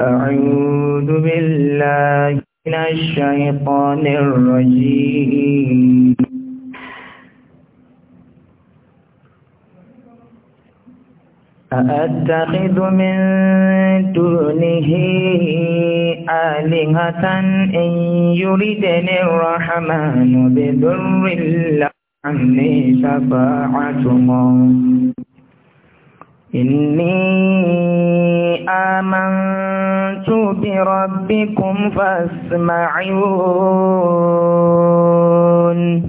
أعوذ بالله من الشيطان الرجيم أأتخذ من دونه آلهة إن يردني الرحمن بضر لا عني شفاعتهم إني آمنت بربكم فاسمعون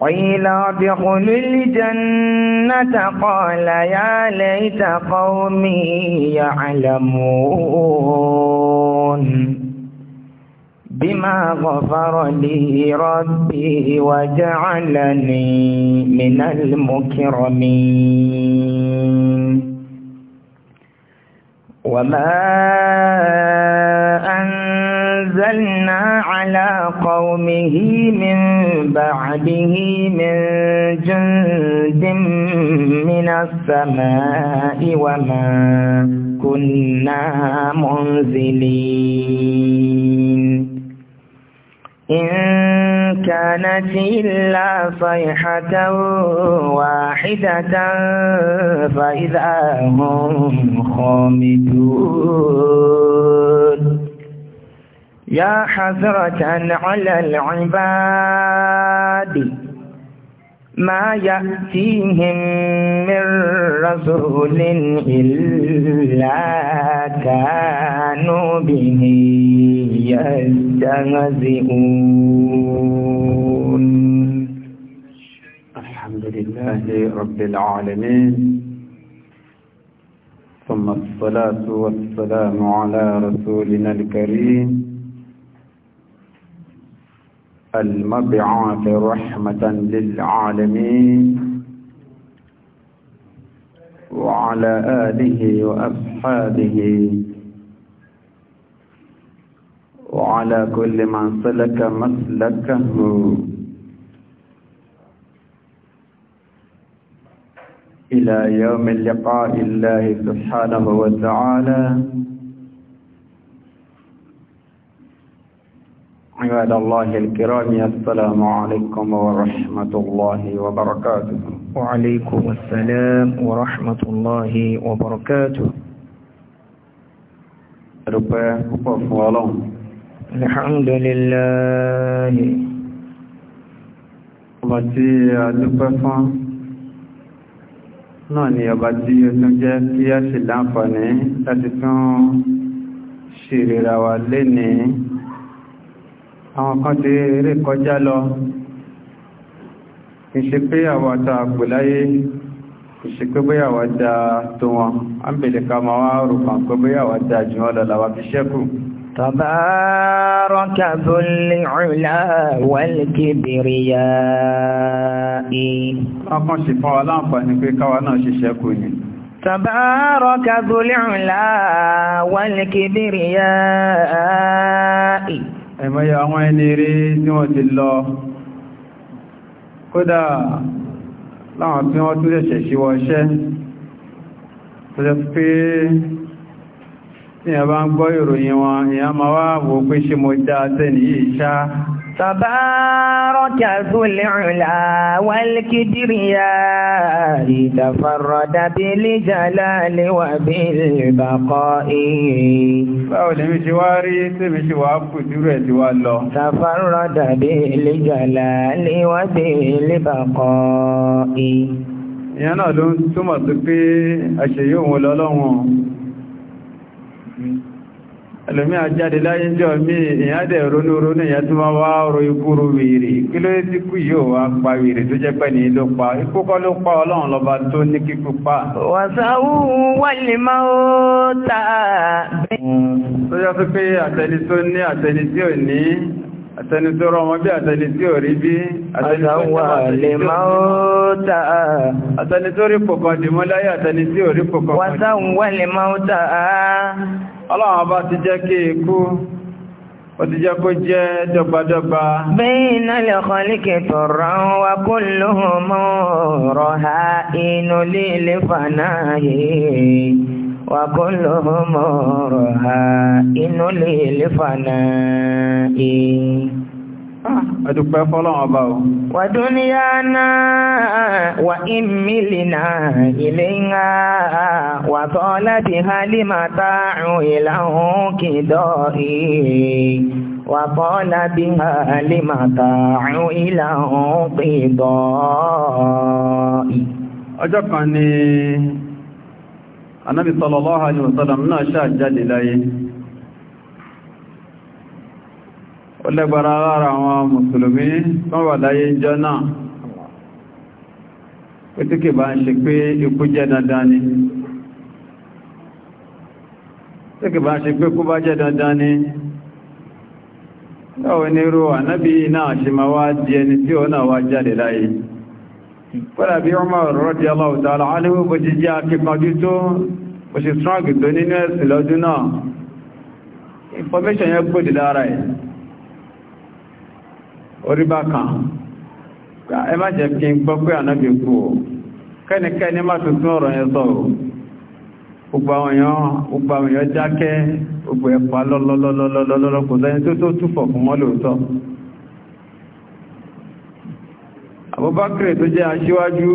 قيل ادخل الجنة قال يا ليت قومي يعلمون بما غفر لي ربي وجعلني من المكرمين وما أنزلنا على قومه من بعده من جند من السماء وما كنا منزلين إن كانت إلا صيحة واحدة فإذا هم خامدون يا حسرة على العباد ما يأتيهم من رسول إلا كانوا به يستهزئون الحمد لله رب العالمين ثم الصلاة والسلام على رسولنا الكريم المبعوث رحمة للعالمين وعلى آله وأصحابه وعلى كل من سلك مسلكه إلى يوم اللقاء الله سبحانه وتعالى عباد الله الكرام السلام عليكم ورحمة الله وبركاته وعليكم السلام ورحمة الله وبركاته رب الحمد لله ọba tí ناني dúpẹ́ fún náà ni ọba tí ó tún àwọn kan ti rí kọjá lọ ìṣe pé àwọn àta àpòláyé ìṣe pé bóyá wà dá tó wọn a ń bèèrè ká ma wá rùpàn pé bóyá wà dá jù wọn lọ́la wà fi ṣẹ́kù تبارك ذو العلا والكبرياء ọkàn sì fún wa láǹfààní تبارك ذو العلا والكبرياء ẹ̀mọ́yẹ àwọn ẹni rí tí wọ́n ti lọ kódà láwọn tí wọ́n tún ṣẹ̀ṣẹ̀ ṣíwọ́ iṣẹ́ tó jẹ́ pé tí ìyàn ń gbọ́ ìròyìn wọn ìyàn máa wá wò pé ṣe mo dá tẹ́ nìyí ṣáá تبارك ذو العلا والكبرياء تفرد بالجلال وبالبقاء báwo lè mi ṣe wá rí tí mi ṣe wá kù dúró ẹ̀ tí wá lọ. تفرد بالجلال وبالبقاء ìyẹn náà ló ń túmọ̀ sí pé àṣeyọ́ òun lọ́lọ́wọ́n ẹlòmí àjáde láyé jọ mí ìyádẹ̀ ronúronú ìyá tó máa wá ọrọ̀ ikúrò wèrè kí ló tí kú yóò wá pa wèrè tó jẹ́ pẹ́ ló pa ikúkọ́ ló pa ọlọ́run lọba tó ní kíkú pa. wàsáwù àtẹni tó rọmọ bí àtẹni tí ò rí bí àtẹni tó rí pọ̀kan dìmú láyé àtẹni tí ò rí pọ̀kan ọlọ́run bá ti jẹ́ kí ikú ó ti jẹ́ kó jẹ́ dọ́gbadọ́gba bẹ́ẹ̀nà lè wa kó lóhùn mọ́ rọ̀ ha wà kó ló mọ̀ ọ̀rọ̀ ha inú lè lè fànà ẹ̀. Àdúpẹ́ fọ́lọ́wọ́n bá o. Wà dúníyà náà wà ìmìlì náà ilé ńlá wà tọ́ láti ha lè máa tààrùn ìlàhún kìdọ̀ ìrìn. وقال بها لمتاع إلى قضاء ọjọ́ kan ni anábi sallallahu alaihi wasallam náà ṣáà jáde láyé ó lẹ́gbàrá lára àwọn mùsùlùmí tán wà láyé jọ náà pé tí kì bá ń ṣe pé ikú jẹ́ dandan ni tí kì bá ń ṣe pé kú bá jẹ́ dandan ni láwọn onírò anábi náà ṣe máa wá di ẹni tí ó náà wá jáde láyé kọ́lá bí Umar radiyallahu ta'ala anhu bó ṣe jẹ́ akíkanjú tó bó ṣe strong tó nínú ẹ̀sìn lọ́dún náà information yẹn gbòdì lára ẹ̀ orí bá kan ẹ má jẹ́ kí n gbọ́ pé ànábì kú o kẹ́nikẹ́ni má tuntun ọ̀rọ̀ yẹn sọ̀rọ̀ gbogbo àwọn èèyàn gbogbo àwọn èèyàn dákẹ́ gbogbo ẹ̀pà lọ́lọ́lọ́lọ́lọ́lọ́ kò sẹ́ni tó tó túfọ̀ fún mọ́ lóòótọ́ Abubakar tó jẹ́ aṣíwájú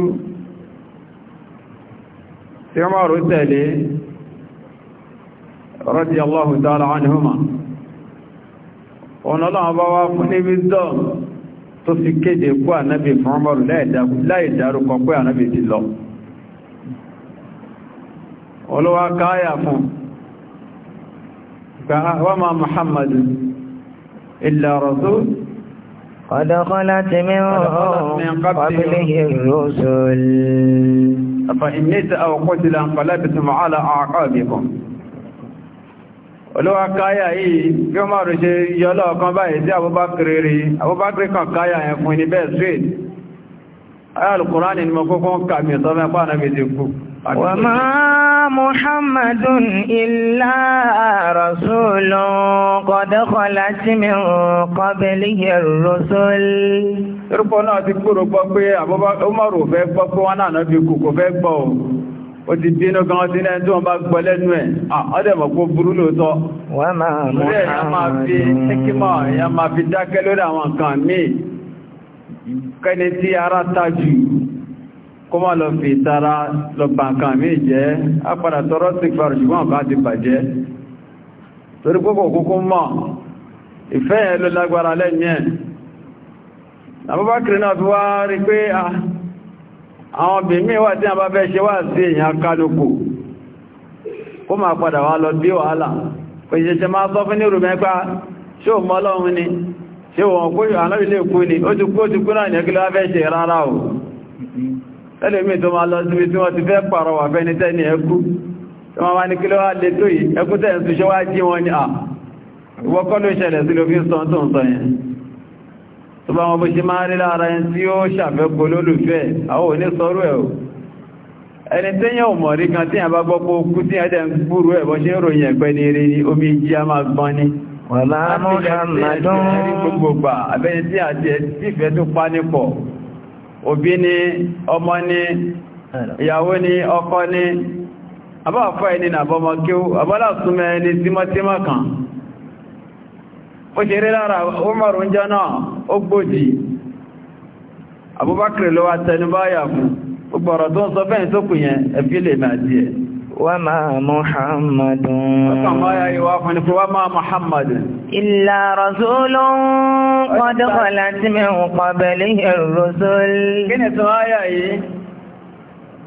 tí wọ́n máa rò tẹ̀lé radiyallahu ta'ala anhuma ọ̀nà ọlọ́run bá wá fún ní wisdom tó fi kéde kú ànábì fún ọmọrù láìdárúkọ pé ànábì ti lọ olówá káyà fún gbà Muhammadu illa rasul قد خلت من الرسل فإن ميت أو قتل انقلبتم على أعقابكم olówá káyà yìí bí ó máa rò ṣe yọlọ́ ọ̀kan báyìí sí abúbákiri rí abúbákiri kan káyà ẹ̀ fún ní bẹ́ẹ̀ straight ayá ni mo kókó ń kà mí ọ̀tọ́ mẹ́pàá kú wa ma muhammadun illa rasulun qad khalat min qablihi irúpọ̀ náà ti gbòrò gbọ́ pé àbọ́bá Umaru fẹ́ gbọ́ pé wọ́n náà náà fi kò fẹ́ gbọ́ ó ti bínú gan sí lẹ́yìn tí wọ́n bá gbọ́ lẹ́nu ẹ̀ ọdẹ̀mọ̀ kó burú lóòótọ́ wọ́n máa fi àwọn nǹkan míì kẹ́ni kó má lọ fi tara lọ bàǹkà mí jẹ́ apàdà tọrọ sí farò ṣùgbọ́n kan ti bàjẹ́ torí pé kò kúkú mọ̀ ìfẹ́ ẹ̀ ló lágbára lẹ́yìn àbúbákìrì náà fi wá rí pé àwọn bèmí wà tí a bá fẹ́ ṣe wà sí èyàn kálukú kó máa padà wá lọ bí wàhálà kò ṣeṣe máa sọ fún ní rùmẹ́gbá ṣe ò mọ́ lọ́run ni ṣe òun kó ànábìlẹ̀ kú ni ó ti kú ó ti kú náà ní wá fẹ́ ṣe rárá o ẹlòmí tó máa lọ síbi tí wọ́n ti fẹ́ pàrọwà bẹni tẹ́ni ẹkú tó máa wá ní kí ló wá lè tó yìí ẹkú tẹ́ ṣe wá jí wọn ni à ìwọ́kọ́ ló ṣẹlẹ̀ sí ló fi sọ tó ń sọ yẹn tó bá wọn bó ṣe máa rí lára ẹni tí ó ṣàfẹ́kọ lólùfẹ́ àwọn òní sọrú ẹ̀ ẹni tẹ́yàn ọmọ rí kan tí àbá gbọ́ kú tí ẹ̀dẹ̀ ń gbúrú ẹ̀ bọ́ ṣe ń ròyìn a máa òbí ni ọmọ ni ìyàwó ni ọkọ ni abáàfọ́ ẹni nà bọ́mọ kí ó abọ́lá súnmọ́ ẹni tímọ́tímọ́ kan ó ṣe rí lára Umaru ń jẹ́ náà ó gbòdì Abubakar ló wá tẹnubáyà fún gbogbo ọ̀rọ̀ tó ń sọ fẹ́yìn tó kù yẹn ẹ̀fí lè máa díẹ̀ وما محمد وما محمد إلا رسول قد خلت من قبله الرسل آية إيه؟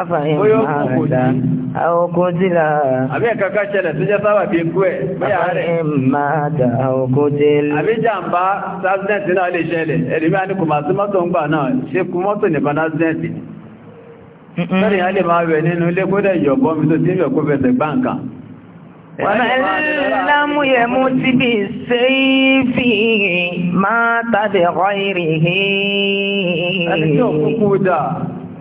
afàyàn àrẹ̀dá àwòkún tí là àbí ẹ̀kọ́kọ́ ṣẹlẹ̀ tó jẹ́ sábà bí ikú ẹ̀ mẹ́yà rẹ̀ àmàdà àwòkún tí là àbí jàǹbá sásídẹ̀ntì náà lè ṣẹlẹ̀ ẹ̀rí mẹ́ta ní kò máa sí mọ́tò ń gbà náà ṣe kú mọ́tò nìkan sásídẹ̀ntì lórí máa rẹ̀ nínú ilé kódẹ̀ yọ̀bọ́n tí rẹ̀ kó fẹsẹ̀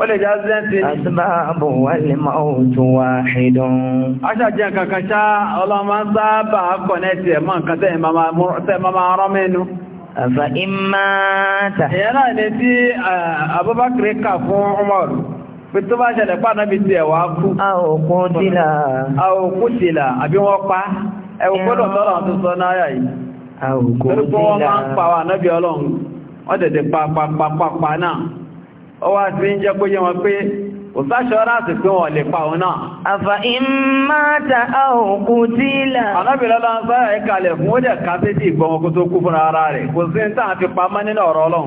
ó lè já zẹ́ntì ní asbábù wal mautu wahidun aṣàjẹ́ kankan ṣá ọlọ́mọ sábà kọ̀nẹ́tì ẹ̀mọ́ nǹkan tẹ́ ma máa rán mẹ́nu àfà ìmáta ìyẹn náà ní tí eh, Abubakar kà fún Umar pé tó bá ṣẹlẹ̀ pàdánà ti ẹ̀wà kú àòkú ọwá tí ń jẹ́ kóyẹ wọn pé òsáṣọ́ráàsì pé wọ́n lè pa òun náà. àfà ìmáta àòkú tílà. anábìlọ́lá ń sáyà ìkàlẹ̀ fún ó dẹ̀ ká sí ti ìgbọmọkú tó kú fúnra ara rẹ̀ kò sí nínú ọ̀rọ̀ ọlọ́run.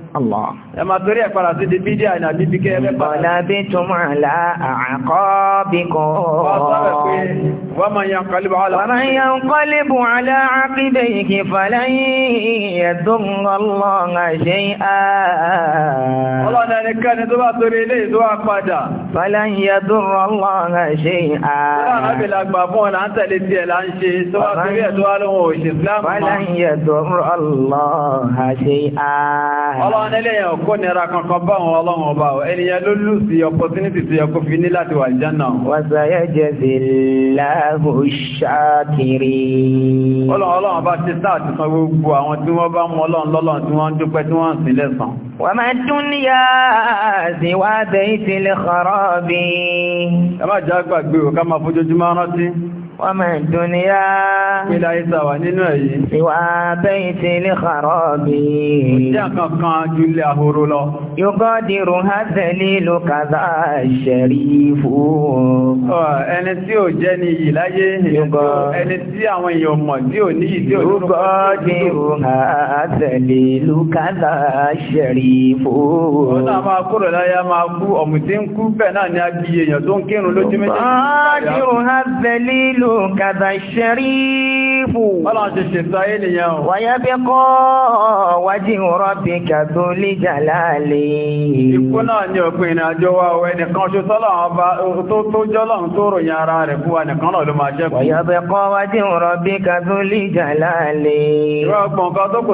ẹ máa torí ẹ̀pàrà sí di bídíà ní àbíbí kẹ́ ẹgbẹ́ pàdé. ọ̀nà bí túnmọ̀ àlá àkọ́ bí kọ́. wọ́n máa yan kọlíbù àlá. wọ́n máa yan kọlíbù àlá àkídé ìkì fàlẹ́yìn ẹ̀dùn ọlọ́ọ̀nà ṣe ń á àwọn ẹlẹ́yìn ọkọ́ nira kankan bá wọn ọlọ́run ọba ènìyàn ló lù sí opportunity tí ọkọ́ fi ní láti wà jẹ́nà. wàzàyà jẹ́sì láàbò ṣáàkiri. ọlọ́run ọlọ́run bá ti sáà ti san gbogbo àwọn tí wọ́n bá mú ọlọ́run lọ́lọ́run tí wọ́n ń dúpẹ́ tí wọ́n ń sin lẹ́san. wà má dún ní yá sí wá bẹ́ẹ̀ ìtìlẹ̀ kọ̀rọ̀ bí. ẹ má jẹ́ àgbàgbé ò ká máa fojoojúmọ́ rántí wọ́n máa ń dùn níyà. ilé ayé tá a wà nínú ẹ̀ yìí. ìwà bẹ́yìn ti lè kàrọ́ bí. ìjà kankan ju ilé ahoro lọ. yóò dirò hazẹ̀lì ló kàdá ṣẹ̀rífù. ẹni tí ò jẹ́ ni yìí láyé ẹni tí àwọn èèyàn mọ̀ tí ò ní yìí tí ò dúró. yóò dirò hazẹ̀lì ló kàdá ṣẹ̀rífù. ó kàdà ṣẹ́rífù. Ọlọ́run ti ṣètò ayé nìyẹn o. Wàyá bí kọ́ wájú rọ́bì kàdó lè jà láàlè. Ikú náà ni òpin ìrìn wa o, ẹnìkan ṣe sọ́lọ̀ ọba tó jọ́lọ̀ ń tó ròyìn ara rẹ̀ fún wa nìkan náà ló máa jẹ́. Wàyá bí kọ́ wájú rọ́bì kàdó lè jà láàlè. Rọ́gbọ̀n kan tó kù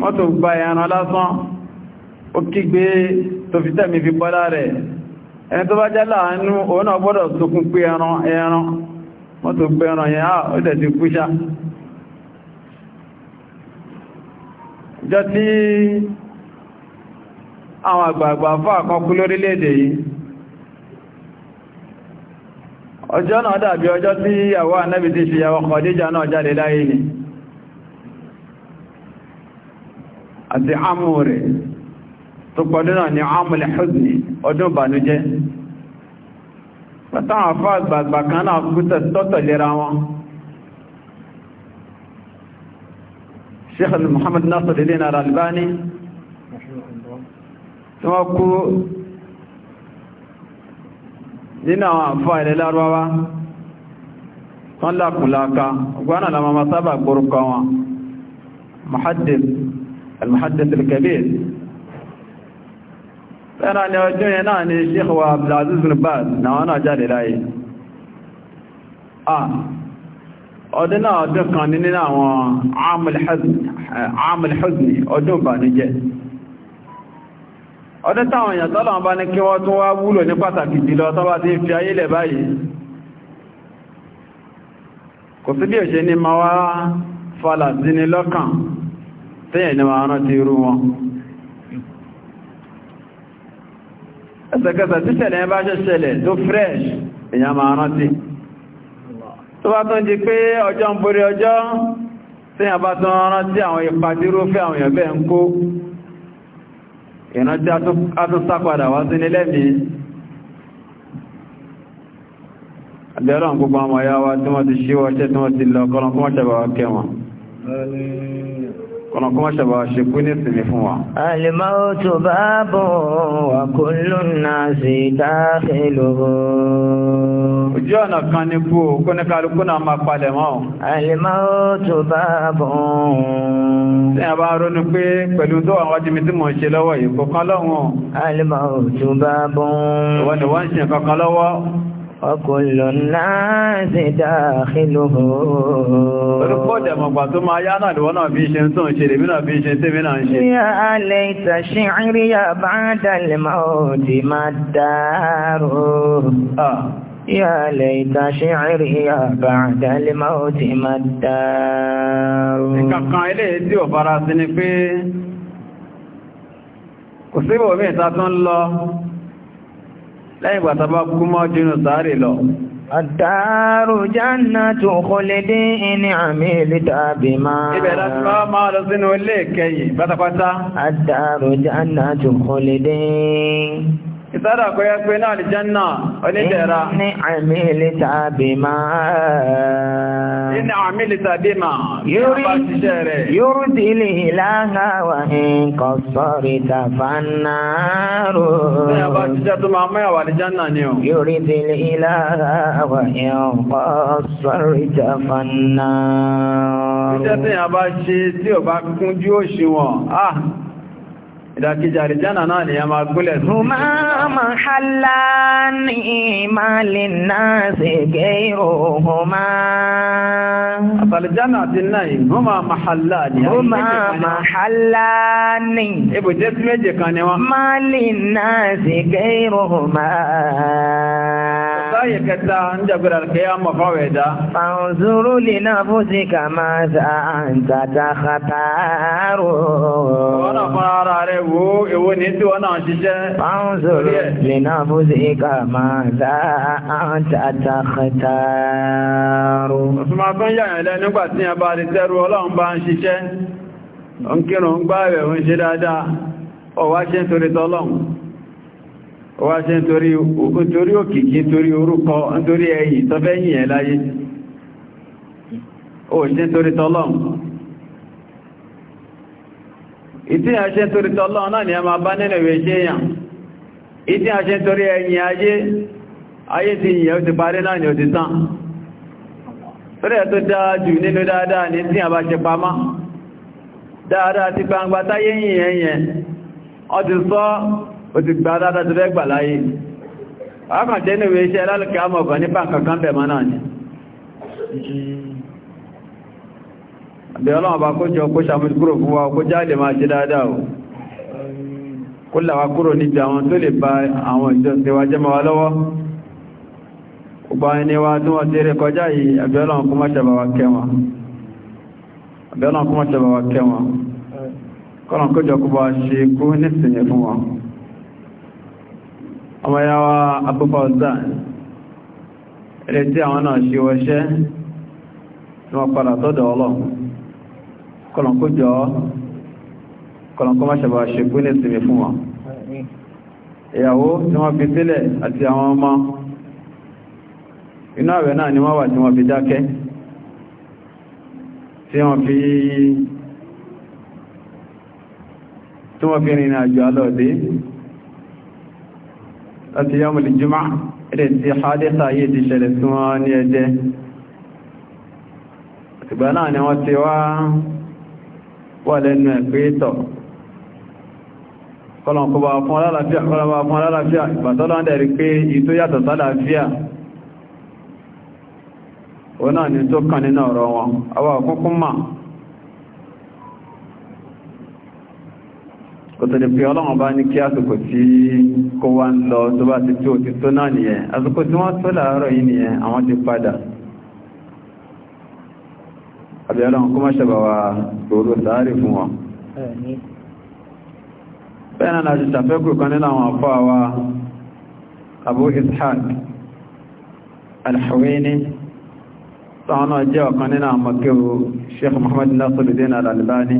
mọ́tò gba ẹran lásán ó kígbe tó fi tẹ́mi fi bọ́lá rẹ̀ ẹni tó bá jẹ́ láàánú òun náà gbọ́dọ̀ sókún pé ẹran ẹran mọ́tò gbé ẹran yẹn á ah, ó dẹ̀ ti kúṣá jọ tí àwọn àgbààgbà fún àkọkú lórílẹ̀-èdè yìí ọjọ́ náà dàbí ọjọ́ tí àwọn ànábì ti ṣe yàwó náà jáde láyé ni àti àmú rẹ̀ tó pọ̀lú náà ni àmúlẹ̀ huzni ọdún ìbànújẹ́ pẹ̀tàwọn afọ́ àgbààgbà kan náà kú tọ́tọ̀ lera wọn Sheikh Muhammad Nasir Dina Al-Albani tí wọ́n kú nínú àwọn àfọ́ ilẹ̀ lárọ́wá tán lákùnláka ọgbọ́nà lámàmà sábà gbórúkọ wọn muhaddith المحدث الكبير lára ni ọjọ́ yẹn náà ni Sheikh wa Abdulaziz bin Baz na wọn náà jáde láyé ah ọdún náà ọdún kan ní nínú àwọn amìlìhùsùnì ọdún ìbànújẹ́ ọdún táwọn èèyàn tọ́lọ̀ bá ní kí wọ́n tún wá wúlò ní pàtàkì jùlọ tó bá ti fi ayé lẹ̀ báyìí kò sí bí òṣè ní ma wá falà sí ni lọ́kàn tẹ́yẹ̀ ni máa rántí irú wọn ẹsẹ̀kẹsẹ̀ tí ṣẹlẹ̀ bá ṣe ṣẹlẹ̀ tó fresh èyàn máa rántí tó bá tún di pé ọjọ́ ń borí ọjọ́ tẹ́yàn bá tún rántí àwọn ìpàdíró fẹ́ àwọn èèyàn bẹ́ẹ̀ ń kó ìrántí atúnsápadà wá sí nílẹ́mìí àbẹ̀rọ̀ gbogbo àwọn ọmọ ya wa tí wọ́n ti ṣíwọ́ ṣẹ́ tí wọ́n ti lọ kọ́lọ́kọ́ ṣẹ̀bà ọ̀nà kọ́ ṣẹ̀bà ṣe kú ní ìsinmi fún wa. Al-mautu babun wa kullu nasi dakhiluhu. Ojú ọ̀nà kan ní kú kó ní kálukú náà máa palẹ̀ mọ́. Al-mautu babun. Tí a bá ronú pé pẹ̀lú tó àwọn ọjọ́ tí mò ń ṣe lọ́wọ́ yìí kọ̀ọ̀kan lọ́wọ́. Al-mautu babun. Ìwọ́n ni wọ́n ń ṣe kankan lọ́wọ́. وكل الناس داخله رقود مغبا ثم يا نال وانا في شيء تون شيء منا في شيء تمنا شيء يا ليت شعري بعد الموت ما الدار آه. يا ليت شعري بعد الموت ما الدار كان ilé tí ó fara sí ni pé kò síbò mí ta tún lọ lẹ́yìn ìgbàta bá kú mọ́ jínú sáré lọ. Àdáró jánà tó kọlé dé ní àmì ìlítà bí máa. Ibẹ̀ láti máa máa lọ sínú ilé ìkẹyìn pátápátá. Àdáró jánà tó kọlé dé ìsára kọ́ yẹ pé náà lè jẹ́ náà onídẹ̀ra. ní àmì ilé tàbí máa. yóò ti lè láhà wà nǹkan sọ́rí tàfà náàrò. yóò ti lè láhà wà nǹkan sọ́rí tàfà náàrò. iṣẹ́ tí yàn bá ṣe tí ò bá kúnjú òṣùwọ̀n. Ah, ìdàkejì àrìjánà náà ni a máa gúnlẹ̀ sí. Mùmá máa hálà ní ìmàlè náà sì gé ìròhùn máa. Àtàlìjánà ti náà yìí, mú máa máa hálà ní. Mú máa máa hálà méje kan ni wọ́n. máa. Sáyè kẹta ń jẹ́gbẹ̀rẹ̀ kẹ́ á mọ̀ fáwọ̀ ẹ̀dá. lè náà fún sí máa ẹ̀wò èwo ní tí wọ́n náà ṣiṣẹ́. Àwọn sọ̀rọ̀ lè náà máa dá àwọn Òṣùmọ̀ yàyàn lẹ nígbà tí a bá rí tẹ́rù ọlọ́run bá ń ṣiṣẹ́. Ó ń kírun gbá ẹ̀wẹ̀ ń ṣe dáadáa. Ó wá ṣe ń torí tọ́lọ́run. ìtí àṣẹ torí tọ́lọ́ náà ni a máa bá nínú ìwé ṣe èèyàn ìtí àṣẹ torí ẹ̀yìn ayé ayé ti yìnyẹ̀ ó ti parí náà ni ó ti tán torí ẹ̀ tó jù nínú dáadáa ni tí a bá ṣe pamá dáadáa ti gbangba táyé ọ ti gba bẹ̀rọ̀lọ́wọ́ bá kó jọ kó ṣàmójú kúrò fún wa kó jáde máa ṣe dáadáa o kó làwá kúrò níbi àwọn tó lè ba àwọn ìjọsẹ̀wà jẹ́mọ́ wa lọ́wọ́ ọgbà ẹni wa wa abúfà ọ̀sá ẹ̀rẹ́ tí àwọn náà ṣe wọ́ṣẹ́ tí wọ́n padà tọ́dọ̀ ọlọ́run kọlọ̀kọ́ jọ kọlọ̀kọ́ má ṣàbà ṣe pín ìsinmi fún wọn ìyàwó tí wọ́n fi sílẹ̀ àti àwọn ọmọ inú àwẹ̀ náà ni wọ́n wà tí wọ́n fi dákẹ́ tí wọ́n fi tí wọ́n fi rìnrìn àjò alọ́ọ̀dé láti yọ́mù lè jùmá ilẹ̀ tí hádẹ́sà yìí ti ṣẹlẹ̀ tí wọ́n ní ẹjẹ́ ìgbà náà ni wọ́n ti wá wà lẹ́nu ẹ̀pẹ́ tọ̀ kọlọ̀kọba fún alálàáfíà ìgbàtọ́lá ń dẹ̀rí pé ìtó yàtọ̀ sálàáfíà o náà ni tó kàn nínú ọ̀rọ̀ wọn àwa òkúnkún mà kò tẹ̀lé pé ọlọ́run bá ní kí àsìkò tí kó wá ń lọ tó bá ti tó ti tó náà nìyẹn àsìkò tí wọ́n tó láàárọ̀ yìí nìyẹn àwọn ti padà àbíọ́lá kó má ṣẹ̀bà wa ròrò sáárì fún wọn bẹ́ẹ̀nà láti ṣàfẹ́kù kan nínú àwọn àfọ́ àwa Abu Ishaq Al-Huwaini sáwọn náà jẹ́ ọ̀kan nínú àwọn mọ̀kẹ́wò Sheikh Muhammad Nasiruddin Al-Albani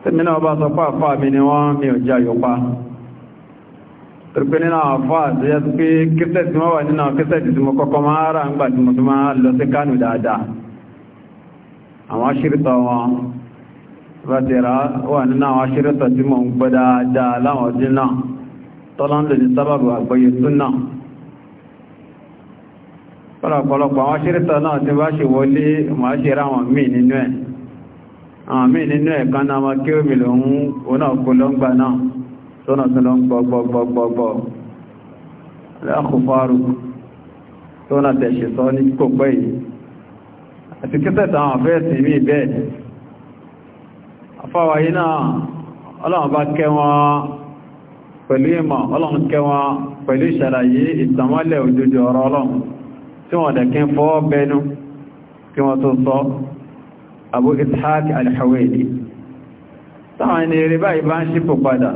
tí mi náà bá sọ pàápàá mi ni wọ́n mi ò jẹ́ àyọ̀pá torípé nínú àwọn àfáà tó yẹ pé kíṣẹ́ tí wọ́n wà nínú àwọn kíṣẹ́ tí mo kọ́kọ́ máa rà ń gbà tí mo tó máa lọ sí Kánò dáadáa àwọn aṣírítọ̀ wọn bá ti rà wà nínú àwọn aṣírítọ̀ tí mo ń gbọ́ dáadáa láwọn ọdún náà tọ́lá ń lò ní sábàbù àgbọ́yé tọ́nà tọ́lọ ń gbọ́gbọ́gbọ́gbọ́ lẹ́kùnfàárù tọ́nà tẹ̀ṣẹ̀ sọ ní kò pẹ́ yìí àti kẹsẹ̀tà àwọn afẹ́ẹ̀sì mí bẹ́ẹ̀ afáwàyí náà ọlọ́run bá kẹ́ wọn pẹ̀lú ìmọ̀ ọlọ́run kẹ́ wọn pẹ̀lú ìṣàlàyé ìtàmọ́lẹ̀ òjòjò ọ̀rọ̀ ọlọ́run Abu Ishaq al-Hawali táwọn ẹni rí báyìí bá ń ṣípò padà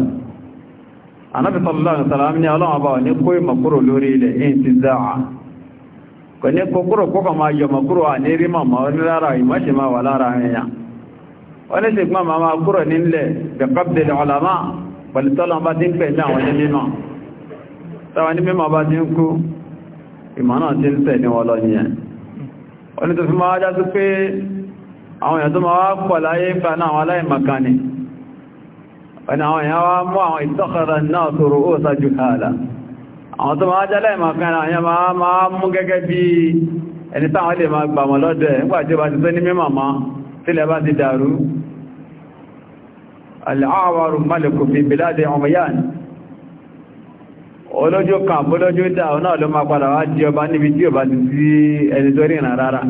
anábi sallallahu alaihi wasallam ní ọlọ́wọ́ bá ní kó ìmọ̀kúrò lórí ilẹ̀ in ti záà kò ní kòkúrò kókọ̀ máa yọ mọ̀kúrò à ní rí mọ̀mọ̀ ní lára ìmọ̀ṣe máa wà lára èèyàn ó ní ṣùgbọ́n máa máa kúrò nílẹ̀ bẹ̀kọ́bdẹ̀lẹ̀ ọ̀làmá pẹ̀lú tọ́lọ́ bá ti ń pẹ̀lú àwọn ní mímọ̀ táwọn ní mímọ̀ bá ti ń kú ìmọ̀ náà ti tó fi máa wájá sí pé àwọn èèyàn tó máa wá pọ̀ láyé fẹ́ náà àwọn aláìmọ̀kan ni ọ̀nà àwọn èèyàn wá mú àwọn ìtọ́kọ̀rọ̀ náà sọ̀rọ̀ ó sájú káàlá àwọn tó máa jẹ́lẹ̀ ìmọ̀kan àwọn máa máa mú gẹ́gẹ́ bí ẹni táwọn lè máa gbàmọ̀ lọ́dọ̀ ẹ̀ nígbàtí ó olójú kan bólójú dá ọ ló máa padà wá di ọba níbi tí ó ti sí ẹni tó rìnrìn rárá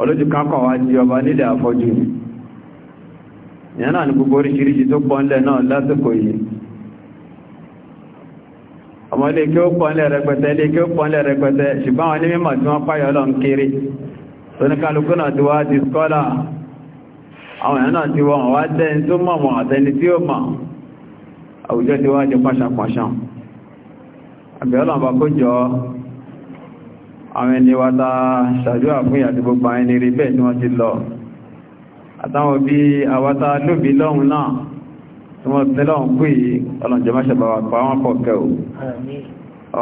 olójú kan kan wá di ọba nílẹ̀ àfọ́jú ni ìyẹn náà ni gbogbo oríṣiríṣi tó pọ́nlẹ̀ náà lásìkò yìí ọmọ ilé kí ó pọ́nlẹ̀ rẹpẹtẹ ilé kí ó pọ́nlẹ̀ rẹpẹtẹ ṣùgbọ́n wọn ní mímọ̀ tí wọ́n páyọ̀ lọ ń kéré tóníkálukú náà ti wá di skọ́lá àwọn èèyàn náà ti wọ́n wá tẹ́ni àwọn ẹni wata ṣàjọ́ àfúnyà ti gbogbo àwọn ẹni rí bẹ́ẹ̀ tí wọ́n ti lọ àtàwọn òbí àwátá lóbi lọ́hun náà tí wọ́n tẹ́lọ́ kú yìí ọlọ́njẹ́ máṣe bá wà pa pọ̀ kẹ́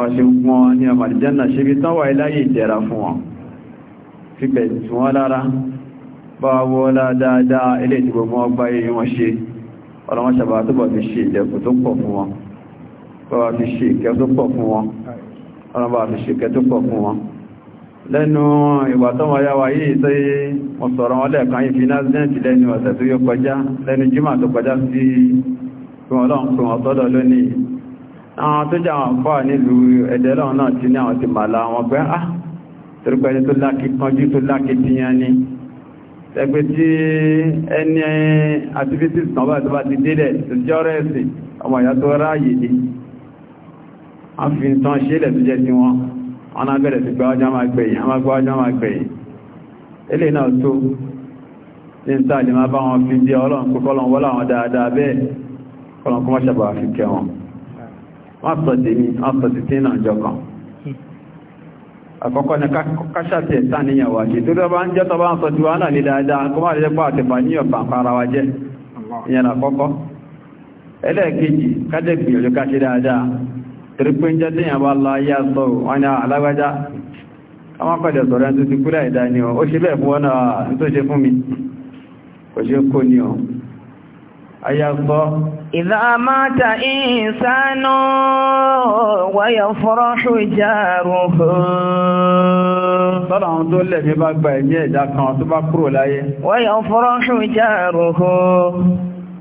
ọ̀ṣẹ́ wọn ni ọmọ àdìjẹ́nà ṣe bí tán wà iláyè ìjẹ́ra fún wọn fífẹ̀ tí wọ́n lára bá wọ́lá dáadáa ilé ìdìbò mọ́ ọgbá yìí wọ́n ṣe ọlọ́mọ́ṣàbà tó bọ̀ fi ṣe ìdẹ̀kù lẹ́nu ìwà tó wọ́n yáwà yìí tó yí wọ́n sọ̀rọ̀ wọn lẹ́ẹ̀kan yìí fi náàzẹ́ntì lẹ́nu ọ̀sẹ̀ tó yóò kọjá lẹ́nu jímà tó kọjá sí ìwọ̀nlọ́pùwọ̀sọ́dọ̀ lónìí àwọn tó jà wọn fọ́ nílùú ẹ̀dẹ́lọ́n náà ti ní àwọn ti màlá wọn pé á ah, torípẹ́ni tó lákì kanjú tó lákì tíyàn ni ẹgbẹ́ tí ẹni activities kan báyìí tó bá ti délẹ̀ tó jọ́rọ̀ ẹ̀sìn ọmọ ìyá tó ráyè ní a fi tán ṣe lẹ̀ tó jẹ́ sí wọn ọ̀nà abẹ́rẹ̀ sí gbáwájá máa gbẹ̀yìn àmá gbáwájá máa gbẹ̀yìn ilé náà tó ní ń tàà lè máa bá wọn fi bí ọlọ́run kó kọ́lọ̀n wọ́lá wọn dáadáa bẹ́ẹ̀ kọ́lọ̀n kọ́ mọ́ṣàbà fi kẹ́ wọn wọ́n sọ tèmi wọ́n sọ títí náà jọ kan àkọ́kọ́ ni káṣàtì ẹ̀sà níyàn wà ṣe tó tó bá ń jẹ́ ti wá tìrìpín jẹ́ tí yàn bá lọ ayé àtọ́ wọn ni ah, alágbájá ọmọ pẹ̀lẹ̀ sọ̀rọ̀ ẹni tó ti kúrẹ̀ ìdá ni ó ṣe bẹ́ẹ̀ fún ọ́nà ah, tó ṣe fún mi kò àwọn tó lẹ̀ mi bá gba ẹ̀mí ẹ̀dá kan tó bá kúrò láyé wáyọ̀ fọ́rọ̀ ṣùjárù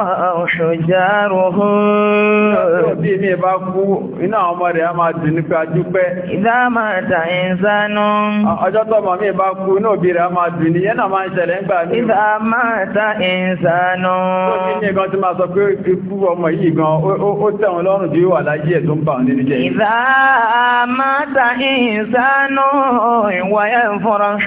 ọ̀ṣọ̀járuhun. Bí mi bá kú, iná ọmọ rẹ̀ a máa dùn nípa dúpẹ́. Ìdámà tàìzánú. Ọjọ́ tọ́mọ mi bá kú, iná òbí rẹ̀ a máa dùn ní yẹ́nà máa ń ṣẹlẹ̀ ń gbà ní. Ìdámà tàìzánú. Tó kí ní gan ti máa sọ pé ikú ọmọ yìí gan, ó tẹ̀wọ̀n lọ́rùn tí ó wà láyé ẹ̀ tó ń bà ní níjẹ́. Ìdámà tàìzánú, ìwọ̀yẹ̀ fọ́nrán ṣ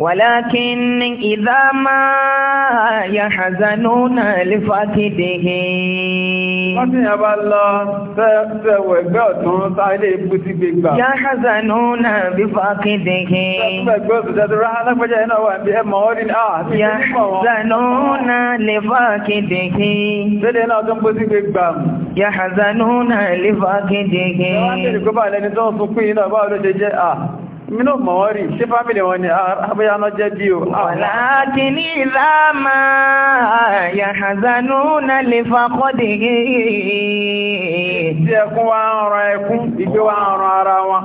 ولكن إذا ما يحزنون لفاتده يحزنون بفاقده يحزنون لفاقده يحزنون لفاقده mínú mọ̀ wọ́n rí ṣé fámílì wọn ni abúyáná ah, ah, jẹ́ bí o. ọ̀làkì ah. ní ìlàmà yàhàzánú na lè fàkọ́dì yìí. tí ẹkún wa ń ran ẹkún ìgbé wa ń ran ara wọn.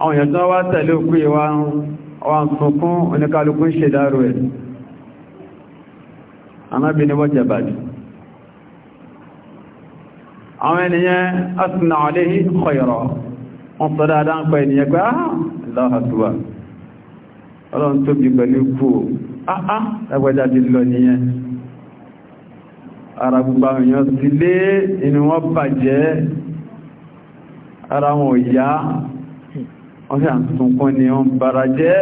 àwọn èèyàn tó wá tẹ̀lé òkú ìwà wa ń sùn fún oníkálukú ń ṣe dárò ẹ̀ anábi ni wọ́n jẹ̀bàdì àwọn ènìyàn asìnà àléhì kọ̀yọ̀rọ̀ wọ́n sọ dáadáa ń pẹ ènìyàn pé áhà ah, láhàtùwà ọlọ́run tó sílé ah, ah, inú wọn bàjẹ́ ara wọn ò yá wọ́n sì à ń sunkún ni wọ́n bara jẹ́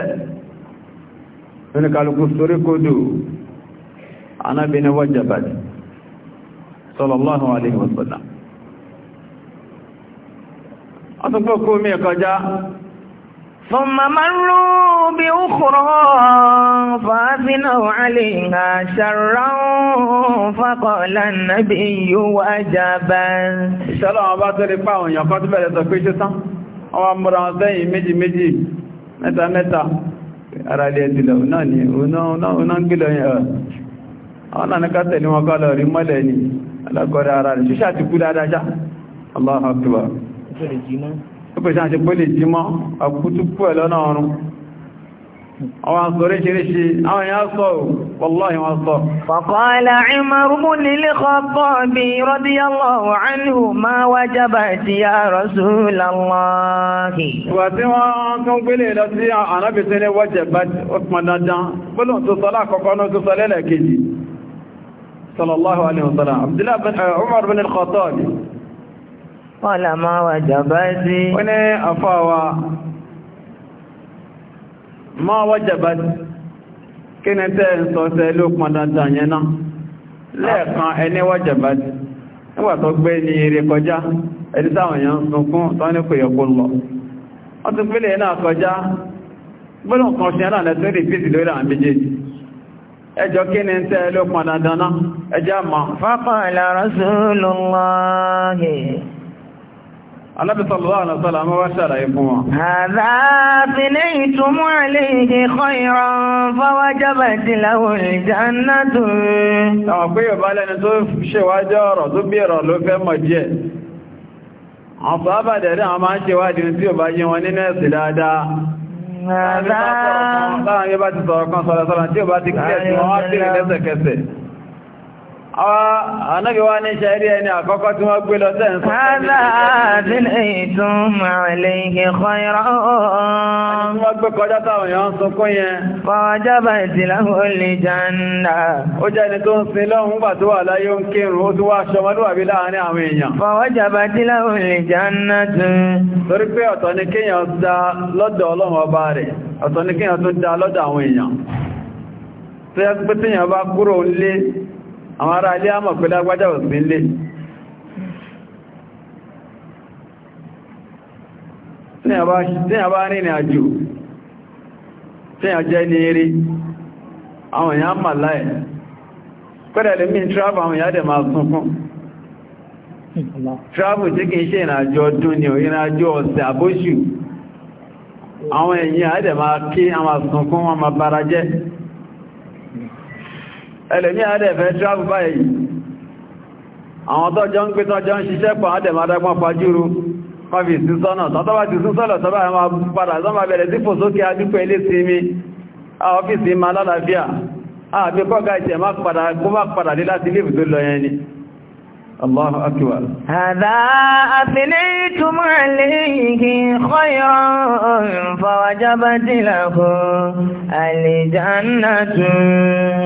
oníkàlùkù sórí kódò anábìnrin wajabat sallallahu alaihi wasallam ọdúnkọ́ kó mi kọjá thumma marru bi ukhra fa'azinaw 'alayha sharran faqala an-nabiyyu wajabat ìṣẹ́lọ́wọ́n bá tó lè pàwọn ọmọ múra wọn sẹ́yìn méjì méjì mẹ́ta mẹ́ta ara ilẹ̀ ìdìlọ̀ náà ni ọ̀nà gílọ̀ yẹn náà ní kọ́ lọ rí mọ́lẹ̀ ni alágọ́rẹ̀ ara rẹ̀ ṣíṣà ti kú dáadáa Allahu والله ما صار فقال عمر بن الخطاب رضي الله عنه ما وجبت يا رسول الله واتوا كنقول لي انا بتني وجبت عثمان دان بلون تصلاه كونو تصلاه لكيجي صلى الله عليه وسلم عبد الله بن عمر بن الخطاب قال ما وجبت وانا افاوا ما وجبت kí ni tẹ́ ń sọ tẹ́ ló pọn dandan yẹn náà lẹ́ẹ̀kan ẹni nígbà tó gbé ní eré kọjá ẹni táwọn èèyàn sunkún tán ní kò yọkún lọ wọ́n ti pílẹ̀ náà kọjá gbọ́nà kan ṣe náà rí pìtì lórí àwọn méjèèjì ẹjọ́ kí ni tẹ́ ló pọn dandan náà Anábi sallallahu alaihi wasallam wá ṣàlàyé fún wọn. Àdá fi ní ìtumọ̀ ilé ìdè kọ́ ìran fáwá jábà ti láwọn ìjánná tó rí. Àwọn pé yóò bá lẹ́ni tó ṣèwájọ́ ọ̀rọ̀ tí ò bá yé wọn nínú ẹ̀sì dáadáa. Àdá Ànábì wá ní ṣẹ́rí ẹni àkọ́kọ́ tí wọ́n gbé lọ sẹ́yìn sọ́kọ́. Hádà àdílé ìtumọ̀ ilẹ̀ ìgbẹ̀ kọ́yọ́rọ́. Ẹni tí wọ́n gbé kọjá táwọn èèyàn ń sunkún yẹn. Kọjá bá ìtìláwò lè jàǹdà. Ó jẹ́ ẹni tó ń sin lọ́hùn gbà tó wà láyé ó ń kírun, ó àwọn ará ilé àmọ̀ pẹ̀lú agbájá òsìn ilé tí a bá rìnrìn àjò tí a jẹ́ ní eré àwọn èèyàn mà láì pẹ́rẹ̀ lè mí tíráàbù àwọn èèyàn máa sún fún tíráàbù tí kìí ṣe ìrìnàjò ọdún ni ìrìnàjò ọ̀sẹ̀ àbóṣù àwọn èèyàn máa kí àwọn wọn ẹlẹ̀mí àádẹ́fẹ́ travel báyìí àwọn tọ́jọ́ ń pé tọ́jọ́ ń ṣiṣẹ́ pọ̀ àádẹ́mà adágbọ́n fajúrú kọfí sí sọ́nà tọ́tọ́wà ti sún sọ́lọ̀ tọ́bà ẹmà padà sọ́mà bẹ̀rẹ̀ sí fòsókè adúpẹ́ ilé sí mi ọ́fíìsì ma lálàáfíà àbí kọ́gá ìṣẹ̀ má padà kó má padà lé láti ilé ìbùdó lọ yẹn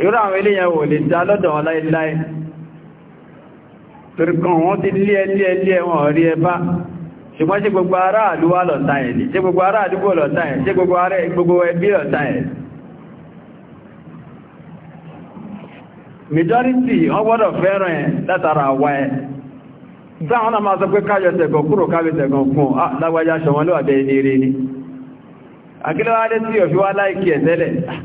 irú àwọn eléyàn wò lè dá lọ́dọ̀ wọn láìláì kan wọn ti lé ẹlé ẹlé wọn rí ẹbá ṣùgbọ́n ṣe gbogbo ará àdúwà lọ́ta ẹ̀ gbogbo ara gbogbo ara gbogbo majority náà máa sọ pé káyọ̀ tẹ̀gàn kúrò káyọ̀ tẹ̀gàn fún ah, lágbàjá ṣọ̀wọ́n ló àbẹ́ ilé rí ni láìkí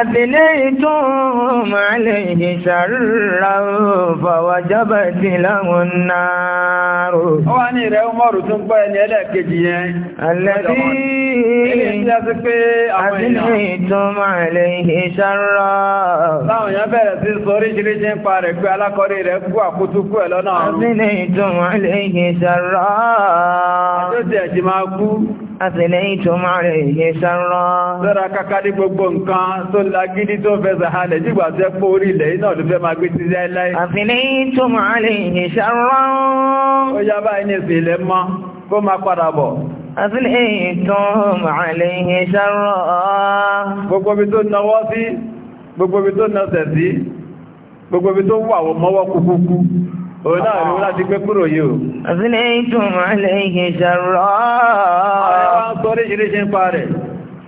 أثنيتم عليه شرا فوجبت له النار واني رأي عمر تنبين لك جيان الذي أثنيتم عليه شرا láwọn èèyàn bẹ̀rẹ̀ sí sọrí ṣe lè jẹ́ ń pa rẹ̀ pé alákọ̀ọ́rẹ́ kú عليه شرا عليه شرا gbogbo tó lagídí tó fẹsẹ̀ halẹ̀ jígbà tẹ́ pó orí ilẹ̀ iná ló fẹ́ máa gbé ti láíláí. àfilẹ́ tó máa lè ní ṣàrọ́. ó yá báyìí ní ìsìn ilẹ̀ mọ́ kó máa padà bọ̀. àfilẹ́ tó máa lè ní ṣàrọ́. gbogbo ibi tó nawọ́ sí gbogbo ibi tó nasẹ̀ sí gbogbo ibi tó wà wọ́n mọ́wọ́ kúkúkú òun náà rí láti gbé kúrò yìí o. àfilẹ́ tó máa lè ní ṣàrọ́. àwọn ẹ̀wọ̀n sọ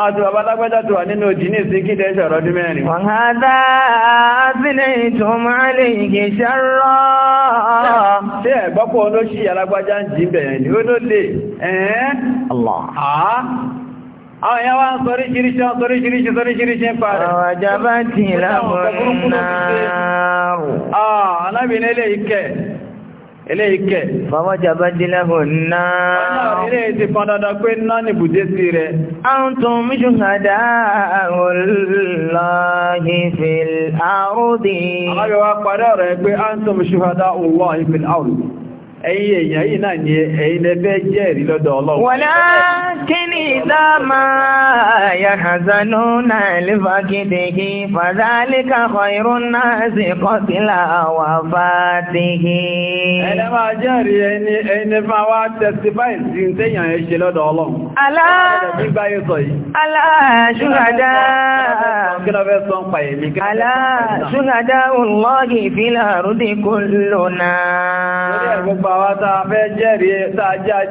àti bàbá lágbẹ́jà tó wà nínú òjì ní ìsìnkídẹ̀ ìṣẹ̀rọ̀ ọdún mẹ́rin. wọ́n ha dá sílẹ̀ ìtùmọ̀ lè yìí ṣẹ́rọ̀. tí ẹ̀gbọ́pọ̀ olóṣì alágbájá ń jí bẹ̀rẹ̀ ni ó ló lè ilé ikẹ̀. Fọwọ́ jàbá dílẹ́hù náà. Ọjọ́ ilé ti kan dandan pé náà ní bùdé sí rẹ̀. A ń tún mú ṣùgbàdá Allahi fil ardi. Àwọn wa parí ọ̀rọ̀ ẹ pé a ń tún mú ṣùgbàdá èèyàn yìí náà ni ẹ̀yin ẹgbẹ́ jẹ́rìí lọ́dọ̀ Ọlọ́run. Wọ́n láti إذا ما يحزنون لفقده فذلك خير الناس قتل وفاته Ẹni máa jẹ́rìí ẹni ẹni máa wá tẹ̀sífáì sí tẹ́yàn ẹ ṣe lọ́dọ̀ Ọlọ́run. Aláàṣúradá. Kí lọ fẹ́ sọ ń pa èmi kí lọ Lórí ẹ̀gbọ́gbà wá tá fẹ́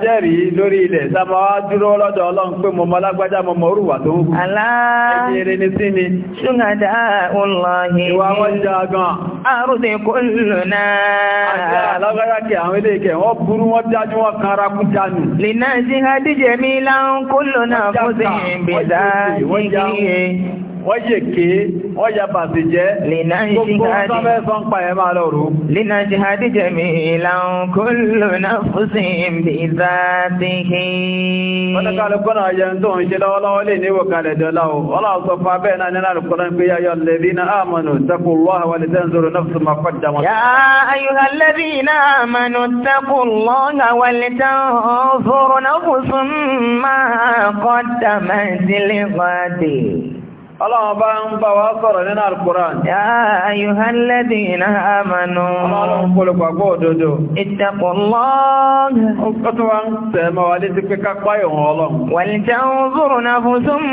jẹ́rìí, lórí ilẹ̀, tá wá dúró lọ́dọ̀ ọlọ́run pé mọmọ lágbájá mọmọ orúwà tó wù. Aláàrẹ ni sí ni. Ṣúgàdá ọlọ́hìn. Ìwà wọ́n jẹ́ agan. Àrùdé kò lò náà. Àti àlágbájá kẹ àwọn ilé wọ́n yè ké wọ́n ya bàtì jẹ́ gbogbo sọ́fẹ́ sọ́npa ẹ̀ máa lọ rú. lina jihadi jẹ̀mí ìlànà kúlù náà fúsì bí ìdáàtìkì. mọ́tàkàlùkọ́ náà yẹn tó ń ṣe lọ́wọ́lọ́wọ́ lè níwò kalẹ̀ dọ́lá o ọlọ́run sọ fún abẹ́ náà nínú àlùkò náà pé yáyọ fún ma kọjá wọn. yá ayùhà lẹ́bí Ọlọ́run bá ń bá wa sọ̀rọ̀ nínú Al-Qur'an. Ya ayyuhal ladhina amanu. Ọlọ́run pọ̀lọpàá òdodo. Ittaqullah. Ó tó wá ń tẹ̀ mọ́ wa létí pé ká páyọ̀ wọn ọlọ́run. Wal tanzur nafsun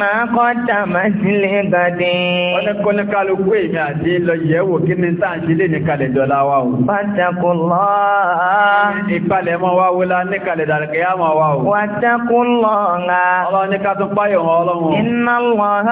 ma qaddamat lighadin. Wọ́n ní kọ́ ní kálukú èmi àti lọ yẹ̀wò kí Inna Allah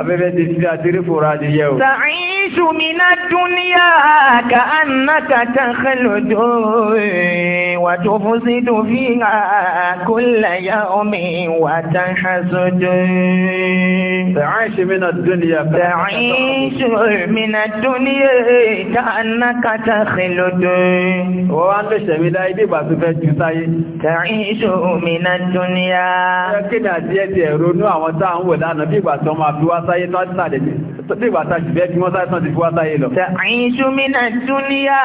Abẹ́fẹ́ ti ti àtírí fòrò adìyẹ o. Tàíṣù mi ná dúníyà ka a nà ka tàn kẹlòdó wà tó fún sí tó fi hà kó lẹ́yà omi wà tàn ha sódó. Tàíṣù mi ná dúníyà ka a nà ka tàn kẹlòdó. ń lè ṣẹ̀mí láyé bí ìgbà tó fẹ́ ju sáyé. Tàíṣù mi ná dúníyà. Kí ni àti ẹ̀ ti ẹ̀rọ inú àwọn táwọn wò lánàá bí ìgbà tó máa fi wá sáyé tó àdínàdẹ̀ tí ìgbà tá ṣùgbẹ́ kí wọ́n sáyé tán ti fi wá sáyé lọ. Ta'ishu mina dunya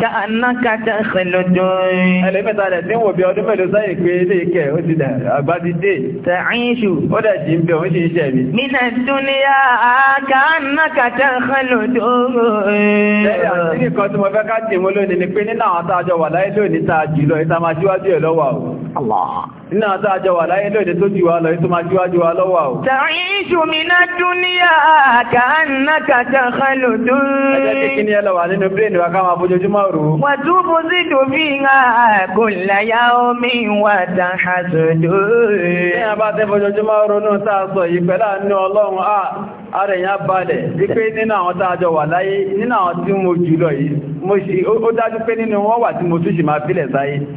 ka'annaka takhluduun. Ẹlẹ́mẹ́ta rẹ̀ tí ń wò bí ọdún mẹ́lẹ̀ sáyé pé ilé ìkẹ́ ó ti àgbádídé. Ta'ishu. Ó dẹ̀ jí ń bẹ̀ ó ṣe ń ṣẹ̀ mi. Mina dunya ka'annaka takhluduun. Lẹ́yìn àti nìkan tí mo fẹ́ ká tì mú ni pé nínú àwọn tá a jọ wà láyé lónìí tá a jù ẹ̀ Iná àti àjọ wà láyé lóòdé tó jù wá lọ, ètò máa jíwájú wa lọ́wọ́ ò. Tàíṣù mi ná dúníyà kàánà kàtà kálò tó ń. Ẹjẹ́ tí kí ní ẹlọ́wà nínú bírèdì wa ká máa bójoojúmọ́ rò. Wà túbú sí tòfí ńlá kò láyá omi wà tàn àṣòdó. Ní àbá tẹ́ bójoojúmọ́ ronú tààsọ̀ yìí pẹ̀lá ní ọlọ́run á ara èèyàn balẹ̀ wípé nínú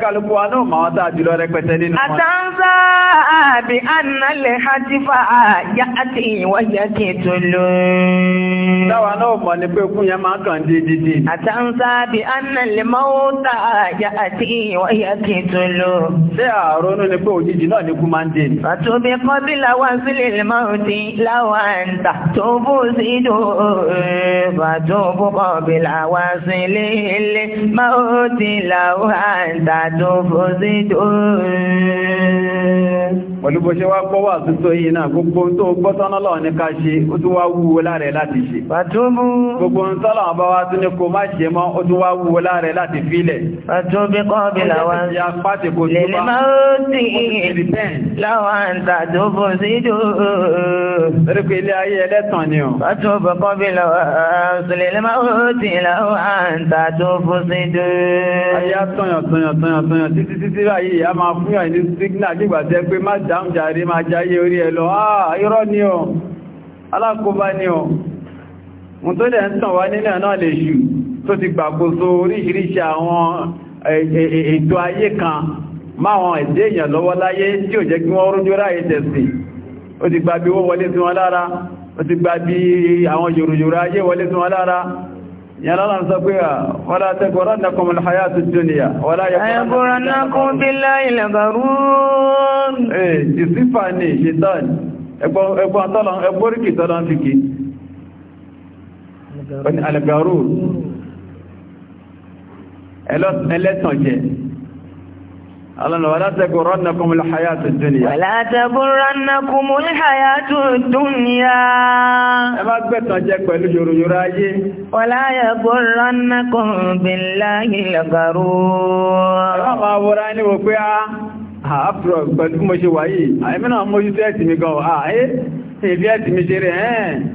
kálukú wa náà máa tàà jùlọ rẹpẹtẹ nínú wọn. àtàǹsà àbí ànálẹ̀ hajjífà àyà àti ìwọ̀yà kí n tó lò. táwa náà mọ̀ ní pé kú yẹn máa kàn dé dídì. àtàǹsà àbí ànálẹ̀ máa tà àyà àti ìwọ̀yà kí n tó lò. ṣé àrònú ni pé òjijì náà ni kú máa ń dé ni. àtúbí kọ́bí làwọn sílẹ̀ lè máa ti láwọn àǹtà tó bó sí dò bàtó bó làwọn sílẹ̀ lè máa ti láwọn àǹtà tó fòsí tó pẹ̀lú bó ṣe wá gbọ́wà tuntun yìí náà gbogbo tó gbọ́sánà lọ ní ká ṣe ó tún wá wúwo láàrẹ láti ṣe pàtóbù gbogbo ń sọ́lọ̀ ọba wá tún ní kò má ṣe mọ́ ó tún wá wúwo láàrẹ láti fílẹ̀ pàtóbù kọ́bí làwọn lèlè làwọn ó tì àtọyàn títí títí báyìí a máa fún yàn ní sígnà dígbà tẹ́ pé má dáhùn jàrí máa jáyé orí ẹ àà ah, irọ́ ni ọ alákòóbá ni ọ mú tó lẹ́ ń tàn wá nílẹ̀ náà lè ṣù tó ti gbàkóso oríṣiríṣi àwọn ètò ayé kan máwọn ẹ̀dẹ́ èèyàn lọ́wọ́ láyé tí ò jẹ́ kí wọ́n rújú يلا نسبيا ولا تغرنكم الحياة الدنيا ولا يغرنكم بالله الغرور ايه يصفني شيطان اكو طلع اكبرك طلع فيك الغرور الغرور الغرور ẹlẹ́tàn jẹ́ Alọ́nà wà látẹ́kù rọ́nàkùn ìlhàyàtù dúnìyà. Wà látẹ́kù rọ́nàkùn ìlhàyàtù dúnìyà. Ẹ má gbẹ̀tàn jẹ pẹ̀lú yòròyòrò ayé. Wà láyẹ̀kù rọ́nàkùn billahi lagaru. Ẹ má máa wọ́ra ní wò pé á, ah, àápùrọ̀ ah, pẹ̀lú mo ṣe wáyé, àìmínà mójú tẹ́ ẹ̀tì mi gan, ah, àáyé, ìfẹ́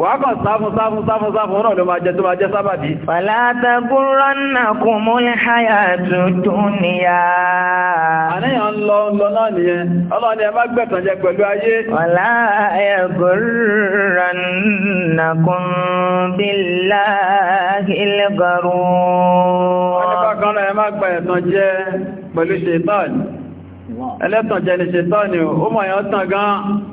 wàákàn sáfún sáfún sáfún sáfún ló máa jẹ tó máa jẹ sábàbí. fàlátà gúnrọ́ náà kò múlẹ̀ háyà tuntun níyà. àníyàn lọ ń lọ náà nìyẹn ọlọ́ni ẹ má gbẹ̀tàn jẹ pẹ̀lú ayé. gba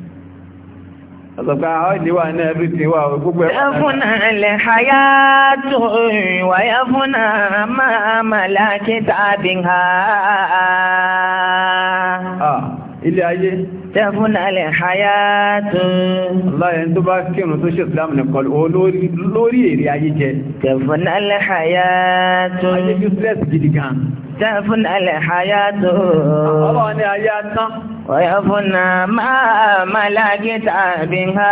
Àtọ̀gbà ọ̀díwà náà rí ti wà gbogbo ẹ̀kọ́. Ẹfúnà lè hayá tó ìwà ẹfúnà máa máa láti tàbí ha. Ilé ayé. Ẹfúnà lè hayá tó. Láyé tó bá kírun tó ṣe ìsìlámù nìkan lórí èrè ayé jẹ. Ẹfúnà lè hayá tó. Ayé ọ̀yọ́fúnà máa máa lágé tàbí ha.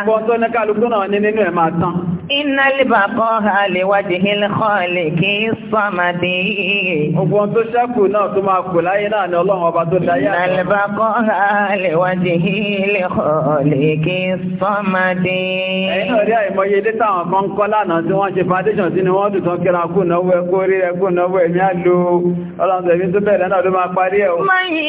Ọ̀pọ̀ tó ní kálukú náà ní nínú ẹ̀ máa tán. Iná líbàkọ́ àlèwádìí hílkọ́ lè kí sọ́màdé. Ọ̀pọ̀ tó ṣẹ́kù náà tó máa kù láyé náà ni ọlọ́run ọba tó dáyà. Iná líbàkọ́ àlèwádìí hílkọ́ lè kí sọ́màdé. kọ́ lánàá tí wọ́n ṣe foundation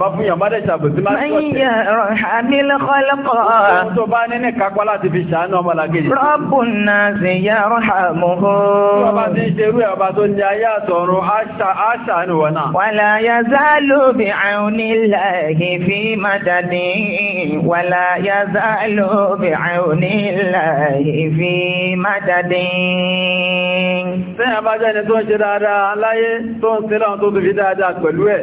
bá fún yàn má dẹ̀ ṣàbòsí má ṣọ̀tẹ̀. Àmìlẹ̀ kọ́lọ́kọ́. Ohun tó bá nínú kápá láti fi ṣàánú ọmọ làkejì. Rọ́bù náà sì yá rọ́hà ọba ti ń ṣe irú ẹ̀ ọba tó ní wọ́n náà. Wàlá ya zálù bí fi má dàdí. ya zálù bí fi má dàdí. Sẹ́yìn abájẹ́ni tó ń ṣe dáadáa láyé tó ń sílẹ̀ tó ti fi dáadáa pẹ̀lú ẹ̀.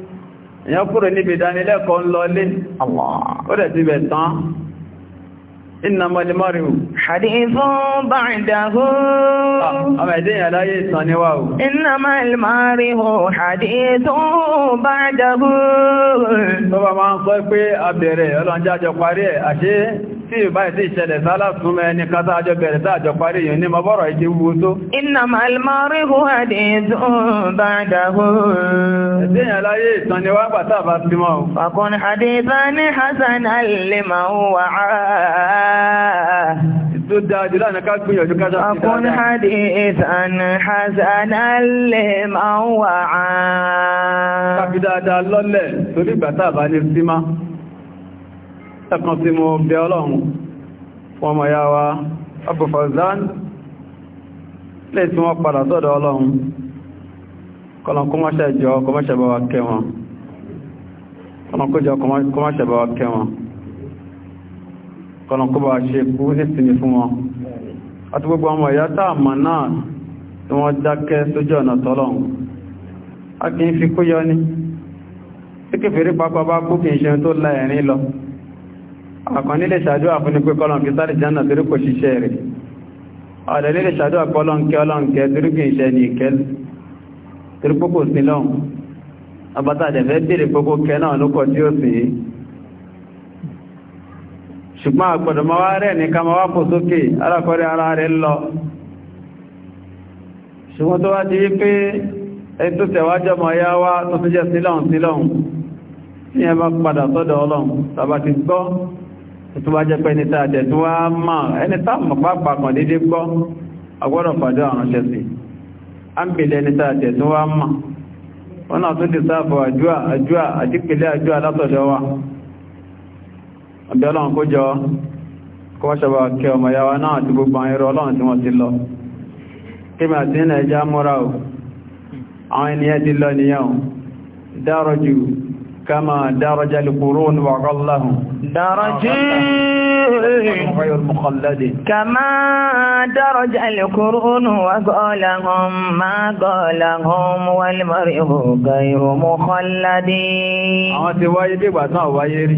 èyàn kúrò níbi ìdánilẹ́kọ̀ọ́ ń lọlé ó dẹ̀ ti bẹ̀ tán innamal mar'u hadithun ba'dahu ah, ọmọ ìdíyàn láyé ìtàn níwà ò innamal mar'u hadithun ba'dahu bá máa tí ìbá ìdí ìṣẹ̀lẹ̀ sálà súnmọ́ ẹni kátà àjọ bẹ̀rẹ̀ sáàjọ parí yìí ní mọ́bọ̀rọ̀ ìdí wúwo iná malmari hasan alima wà á. tó dáa jùlọ ní ká hasan alima wà á. káfí dáadáa lọ́lẹ̀ ẹ̀kan tí mo bẹ ọlọ́run wọn mọ̀ ya wa Abu Fawzan lè tí wọ́n padà sọ́dọ̀ ọlọ́run kọlọ̀n kó máṣẹ́ jọ kó máṣẹ́ bá wa kẹ́ wọn kọlọ̀n kó jọ kó máṣẹ́ bá wa kẹ́ wọn kọlọ̀n kó bá ṣe kú nísìnyí fún wọn àti gbogbo ọmọ ìyá táàmà náà tí wọ́n dákẹ́ sójú ọ̀nà tọ́lọ́run a kìí fi kó yọ ní tí kèfèrí pápá bá kú kìí ṣe tó láẹ̀rin lọ àkàn nílé ṣàdúwà fún ní pé kọ́lọ̀n kí sáré jẹ́nà torí kò ṣiṣẹ́ rẹ̀ ọ̀dẹ̀ nílé ṣàdúwà kọ́lọ̀n kí ọlọ́n kẹ torí kì í ṣe ní ìkẹ́ torí pópò sí lọ́n ọbátàdẹ̀ fẹ́ bèèrè pópò kẹ náà ló kọ tí ó sì ṣùgbọ́n àgbọ̀dọ̀ ma wá rẹ̀ ní ká ma wá fò sókè alákọ̀ọ́rẹ́ ara rẹ̀ lọ ṣùgbọ́n tó wá ti rí pé ẹni tó tẹ̀wájọ́ mọ̀ ya wá tó tún jẹ́ sílọ̀n sílọ̀n tí ẹ bá padà sọ́dọ̀ ọlọ́run tàbátí gbọ́ tó bá jẹ́ pé ẹni tá a jẹ́ tó wá mọ̀ ẹni tá mọ̀ pàápàá kan dédé gbọ́ ọgbọ́dọ̀ fàdó àrùn ṣẹ́ sí á ń bèèrè ẹni tá a jẹ́ tó wá mọ̀ wọn náà tó lè sáàbọ̀ àjúà àjúà àti pèlé àjúà látọ̀dọ̀ wa ọ̀dọ̀ ọlọ́run kó jọ ya wa náà àti gbogbo كما درج القرون وغلهم درج كما درج القرون وغلهم ما غلهم والمرء غير مخلد àwọn ti wáyé bí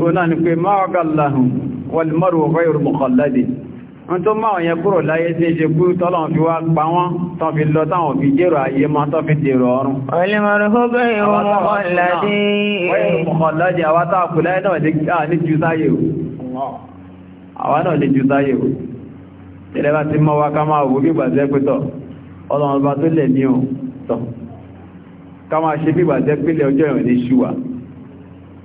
oná ni pé máa gàláhùn wàlìmọ́rù ọ̀rọ̀ mọ̀kànlẹ́dì wọ́n tó máa yẹn kúrò láyé tí ṣe kú tọ́lọ̀n fi wá pa wọ́n tán fi lọ táwọn fi jẹ́rọ ayé máa tán fi dèrò ọrùn. ọlẹ́mọ̀rún ó bẹ̀rẹ̀ mọ̀kànlẹ́dì àwọn táàkùnlẹ́ náà ní jù sáyé àwọn náà lè jù sáyé o ọlọ́run bá tó lẹ̀ ní o ká máa ṣe bígbà jẹ́ pílẹ̀ ọjọ́ ìrìn ní ṣúwà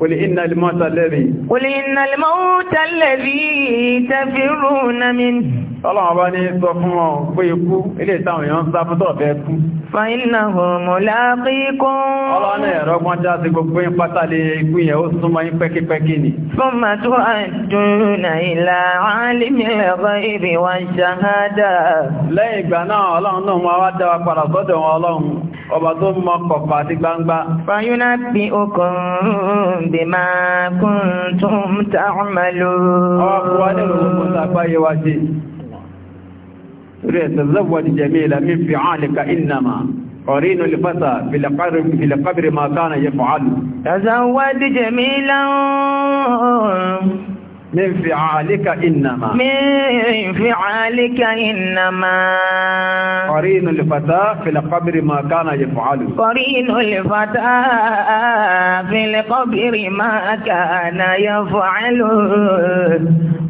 قل إن الموت الذي قل إن الموت الذي تفرون منه Ọlọ́run bá ní sọ fún ọ pé ikú ilé ìtàwọn èèyàn sá fún tọ́ọ̀bẹ̀ kú. Fa'innahu mulaqikum. Ọlọ́run Ọlọ́run ọba tó mọ kọ̀kọ̀ àti gbangba. Fayunabbi'ukum bima kuntum ta'malun. Àwọn àbúwá nínú gbogbo tàbá yẹ wá sí. Rẹ̀ tazawwad jamila min fi'alika innama. قرين الفتى في القبر في القبر ما كان يفعل تزود جميلا من فعالك إنما من فعالك إنما قرين الفتاة في القبر ما كان يفعل قرين الفتاة في القبر ما كان يفعل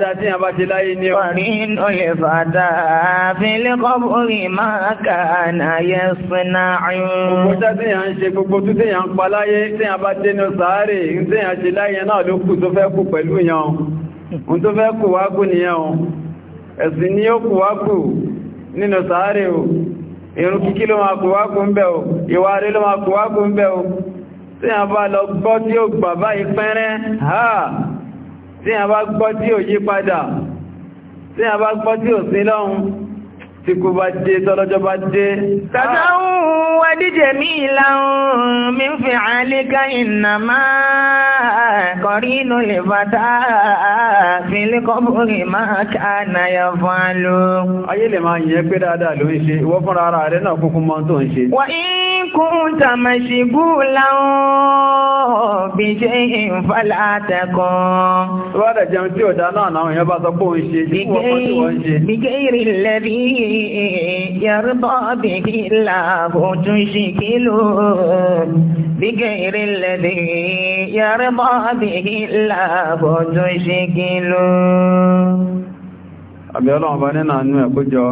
dáadáa tí yàn bá ti láyé ní ọ̀rọ̀. Wàrí inú lè fàdá fílé kọ́bùrì máa kà náyẹ síná ayún. Gbogbo iṣẹ́ tí yàn ń ṣe gbogbo tó tí yàn ń pa láyé tí yàn bá dénú sàárè tí yàn ṣe láyé náà ló kù tó fẹ́ kù pẹ̀lú yàn. Ohun tó fẹ́ kù wá kù nìyàn. Ẹ̀sìn ni ó kù wá kù nínú sàárè o. Irun kíkí ló máa kù wá kù ń bẹ̀ o. Ìwà rí ló máa kù wá kù ń bẹ̀ o. Tí yàn bá lọ gbọ́ tí ó gbà báyìí pẹ́rẹ́, tí a bá gbọ́ tí ò yí padà tí a bá gbọ́ tí ò sí lọ́hun tí kú bá dé tọ́lọ́jọ́ bá dé. Tàbí wà díje mí láhùn mi ń fi àlíká ìnà máa kọrí inú lè bàtà fi lè kọ́bùnrin máa ká náyà fún alò. Ayé lè máa yẹ pé dáadáa ló ń ṣe, ìwọ fúnra ara rẹ̀ náà kúkú mọ́ tó ń ṣe. Wà ń tàmàṣìbú láhùn bí يرضى به الله تشكله بغير الذي يرضى به الله تشكله àbí ọlọ́run bá nínú àánú ẹ̀kójọ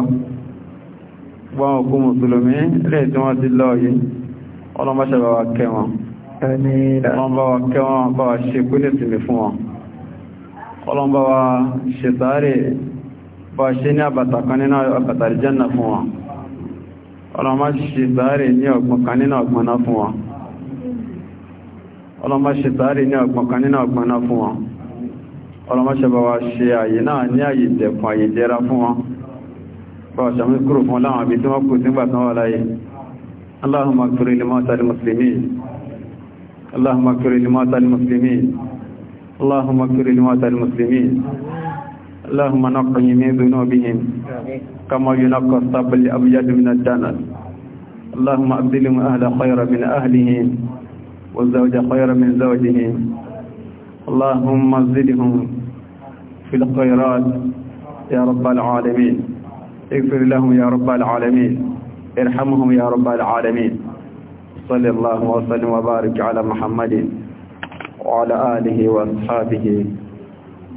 gbọ́n òkú mùsùlùmí lè tí wọ́n ti lọ yìí ọlọ́run bá ṣẹ̀bà wà kẹ́ wọn ọlọ́run bá wà kẹ́ wọn bá wà ṣe kúlẹ̀ sílẹ̀ fún wọn ọlọ́run bá wà ṣètàárẹ̀ bọ́ ṣe ní àbàtà kan nínú àbàtà ìjẹ́nà fún wọn ọlọ́mà ṣe tààrí ní ọgbọ̀n kan nínú ọgbọ̀n náà fún wọn ọlọ́mà ṣe tààrí ní ọgbọ̀n kan nínú ọgbọ̀n náà fún wọn ọlọ́mà ṣe bá wa ṣe àyè náà ní àyè tẹ̀kùn àyè jẹ́ra fún wọn bọ́ المسلمين اللهم اغفر لموتى المسلمين اللهم اغفر لموتى المسلمين اللهم نقني من ذنوبهم كما ينقى الصب الأبيض من الدنس اللهم أبدلهم أهل خير من أهلهم والزوج خير من زوجهم اللهم زدهم في الخيرات يا رب العالمين اغفر لهم يا رب العالمين ارحمهم يا رب العالمين صلى الله وسلم وبارك على محمد وعلى آله وأصحابه